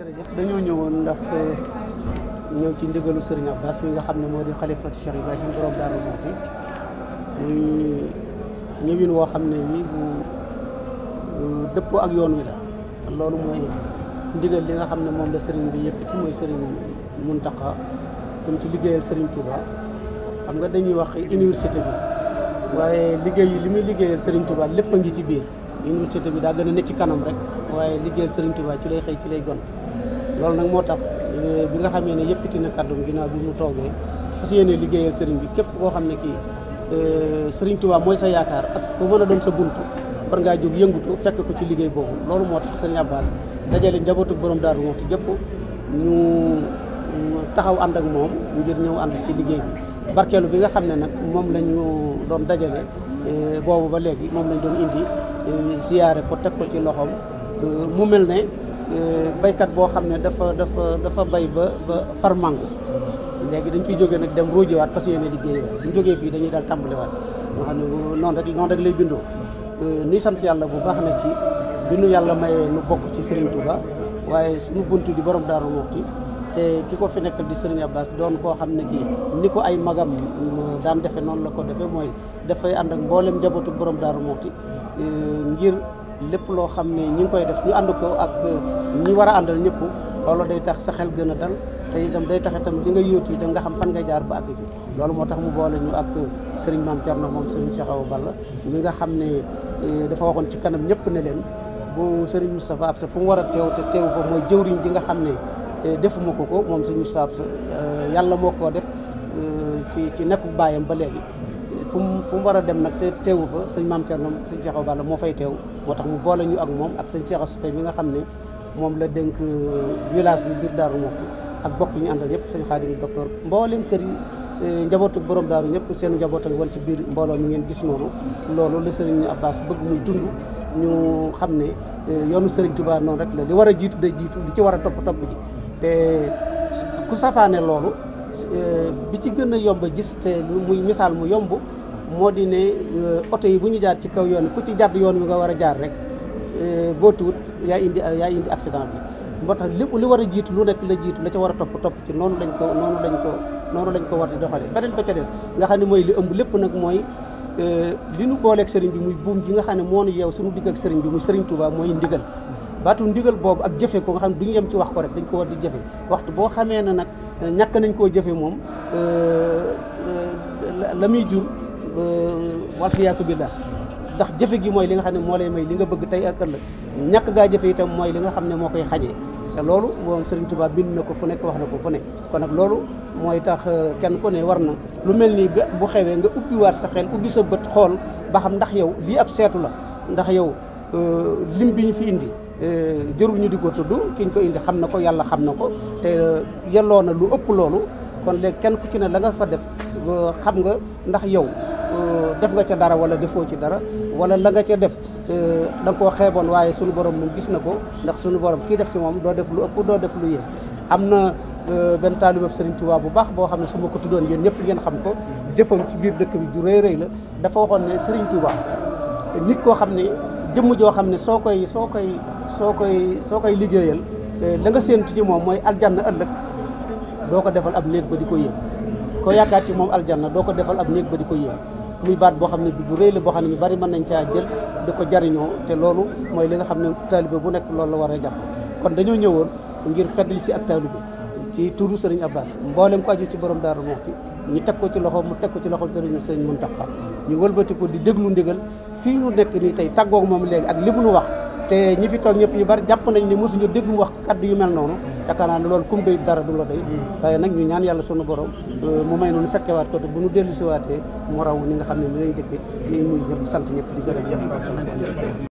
jërëjëf dañoo ñëwoon ndax eh, ñëw ci ndigalu Serigne Abbas mi nga xam ne moo di xalifatu Cheikh Ibrahim borom Daaru Muxti muy ñëwin woo xam ne nii bu dëppoo ak yoon wi la loolu mooy ndigal li nga xam ne moom la Serigne bi yëkkati mooy mun tax comme ci liggéeyal Serigne Touba xam nga dañuy wax université bi waaye liggéey yi li muy liggéeyal Serigne Touba lépp ngi ci biir université bi daa gën a ne ci kanam rek waaye liggéeyal Serigne Touba ci lay xëy ci lay gont loolu nag moo tax euh, bi nga xamee ne yëkkati na kàddu ginaaw bi mu toogee si yéene liggéeyal sëriñ bi képp koo xam ne kii euh, sëriñ Tuubaa mooy sa yaakaar ak ku mën a doon sa bunt war ngaa jóg yëngutu fekk ko ci liggéey boobu loolu moo tax sëriñ Abbas dajale njabootu borom Daaru Muxti gépp ñu taxaw ànd ak moom ngir ñëw ànd ci liggéey bi barkeelu bi nga xam ne nag moom la ñu doon dajale euh, boobu ba léegi moom lañ doon indi siyaare ko teg ko ci loxoom mu mel ne Euh, baykat boo xam ne dafa dafa dafa bay ba ba far màngu léegi dañ fiy jógee nag dem ruujiwaat fas yéene liggéey bu ñu jógee fii dañuy daal tàmbaliwaat nga xam ne noonu rek noonu rek lay bindoo euh, nuy sant yàlla bu baax na ci bi nu yàlla mayee nu bokk ci Serigne Touba waaye suñu buntu di borom Daaru Muxti te ki ko fi nekkal di Serigne Abbas doon koo xam ne kii ni ko ay magam euh, daan defe noonu la ko defee mooy dafay ànd ak mboolem njabootu borom Daaru Muxti ngir lépp loo xam ne ñi ngi koy def ñu ànd ko ak ñi war a àndal ñëpp loolu day tax sa xel gën a dal te itam day tax itam li nga yóotu itam nga xam fan ngay jaar ba àgg ji moo tax mu boole ñu ak Serigne Mame Thierno moom Serigne Cheikh Awa Balla mi nga xam ne eh, dafa waxoon ci kanam ñëpp ne leen bu Serigne Moustapha Absa fu mu war a teew te teew fa mooy jëwriñ ji nga xam ne eh, defuma ko ko moom Serigne Moustapha Absa eh, yàlla moo koo def ci ci nekk baayam ba léegi fu mu fu war a dem nag te teewu fa sëñ maam Thierno sëñ Cheikh Awa moo fay teew moo tax mu boole ñu ak moom ak sëñ Cheikh Assoupé mi nga xam ne moom la denk euh, village bi biir Daaru Muxti ak bokk ñu àndal yëpp sëñ Xaadim docteur mboolem kër yi euh, njabootu borom daaru ñëpp seen njaboot woon ci biir mbooloo mi ngeen gis noonu loolu la sëriñ Abbas bëgg muy dund ñu xam ne euh, yoonu sëriñ Tuubaa noonu rek la li war a jiitu day jiitu li ci war a topp topp ji te ku safaane loolu bi ci gën a yomb a gis te muy misaal mu yomb moo di ne euh, oto yi bu ñu jaar ci kaw yoon ku ci jàdd yoon wi nga war a jaar rek euh, boo tuut yaa indi yaa indi accident bi moo tax lépp li war a jiit lu nekk la jiitu la ca war a topp topp ci noonu lañ ko noonu lañ ko lañ ko war di doxale beneen ba ca des nga xam ne mooy li ëmb lépp nag mooy euh, li nu booleeg sëriñ bi muy buum ji nga xam ne moo nu yeew suñu digg ak sëriñ bi muy sëriñ Touba mooy ndigal baatu ndigal boobu ak jëfe ko nga xam ne duñu yem ci wax ko rek dañ ko war di jëfe waxtu boo xamee ne nag ñàkk nañ koo jëfe moom la muy jur Euh, walxiyaasu billah ndax jëfe gi mooy li nga xam ne moo lay may li nga bëgg tey ak ëllëg ñàkk gaa jëfe itam mooy li nga xam ne moo koy xañee te loolu moom Serigne Touba bind na ko fu nekk wax na ko fu nekk kon nag loolu mooy tax euh, kenn ku ne war na lu mel nii bu xewee nga ubbiwaat sa xel ubbi sa bët xool ba xam ndax yow lii ab seetu la ndax yow euh, lim bi ñu fi indi jërul ñu di ko tudd ki ko indi xam na ko yàlla xam na ko te yelloo na lu ëpp loolu kon léegi kenn ku ci ne la nga fa def xam nga ndax yow Euh, def nga ca dara wala defoo ci dara wala la nga ca def euh, da nga koo xeeboon waaye sunu borom moom gis na ko ndax sunu borom kii def ci moom doo def lu ëpp doo def lu yées am na euh, benn taalibe Serigne Touba bu baax boo xam ne su ma ko tuddoon yéen yëpp ngeen xam ko jëfam ci biir dëkk bi ju rëy rëy la dafa waxoon ne Serigne Touba nit koo xam ne jëmm joo xam ne soo koy soo koy soo koy soo koy liggéeyal la nga séentu ci moom mooy aljanna ëllëg doo ko defal ab néeg di ko yéem koo yaakaar ci moom aljanna doo ko defal ab néeg di ko yéem muy baat boo xam ne bi bu rëy la boo xam ne ñu bari mën nañ caa jël di ko jariñoo te loolu mooy li nga xam ne taalibe bu nekk loolu la war a jam kon dañoo ñëwoon ngir feddali si ak taalibe ci turu a Abbas mboolem ko aju ci borom Daaru Muxti ñu teg ko ci loxo mu teg ko ci loxo Serigne Serigne Mountakha ñu wëlbati ko di déglu ndigal fii ñu nekk nii tey tàggoog moom léegi ak li mu nu wax te ñi fi toog ñëpp ñu bari jàpp nañ ni mosuñu déggum wax kàdd yu mel noonu yaakaar naa ne loolu kum doy dara du la waaye nag ñu ñaan yàlla sunu borom euh, mu may noonu fekkewaat ko te bu ñu dellu siwaatee mu raw ni nga xam ne ni dëkkee ñi muy ñëpp sant ñëpp di gërëm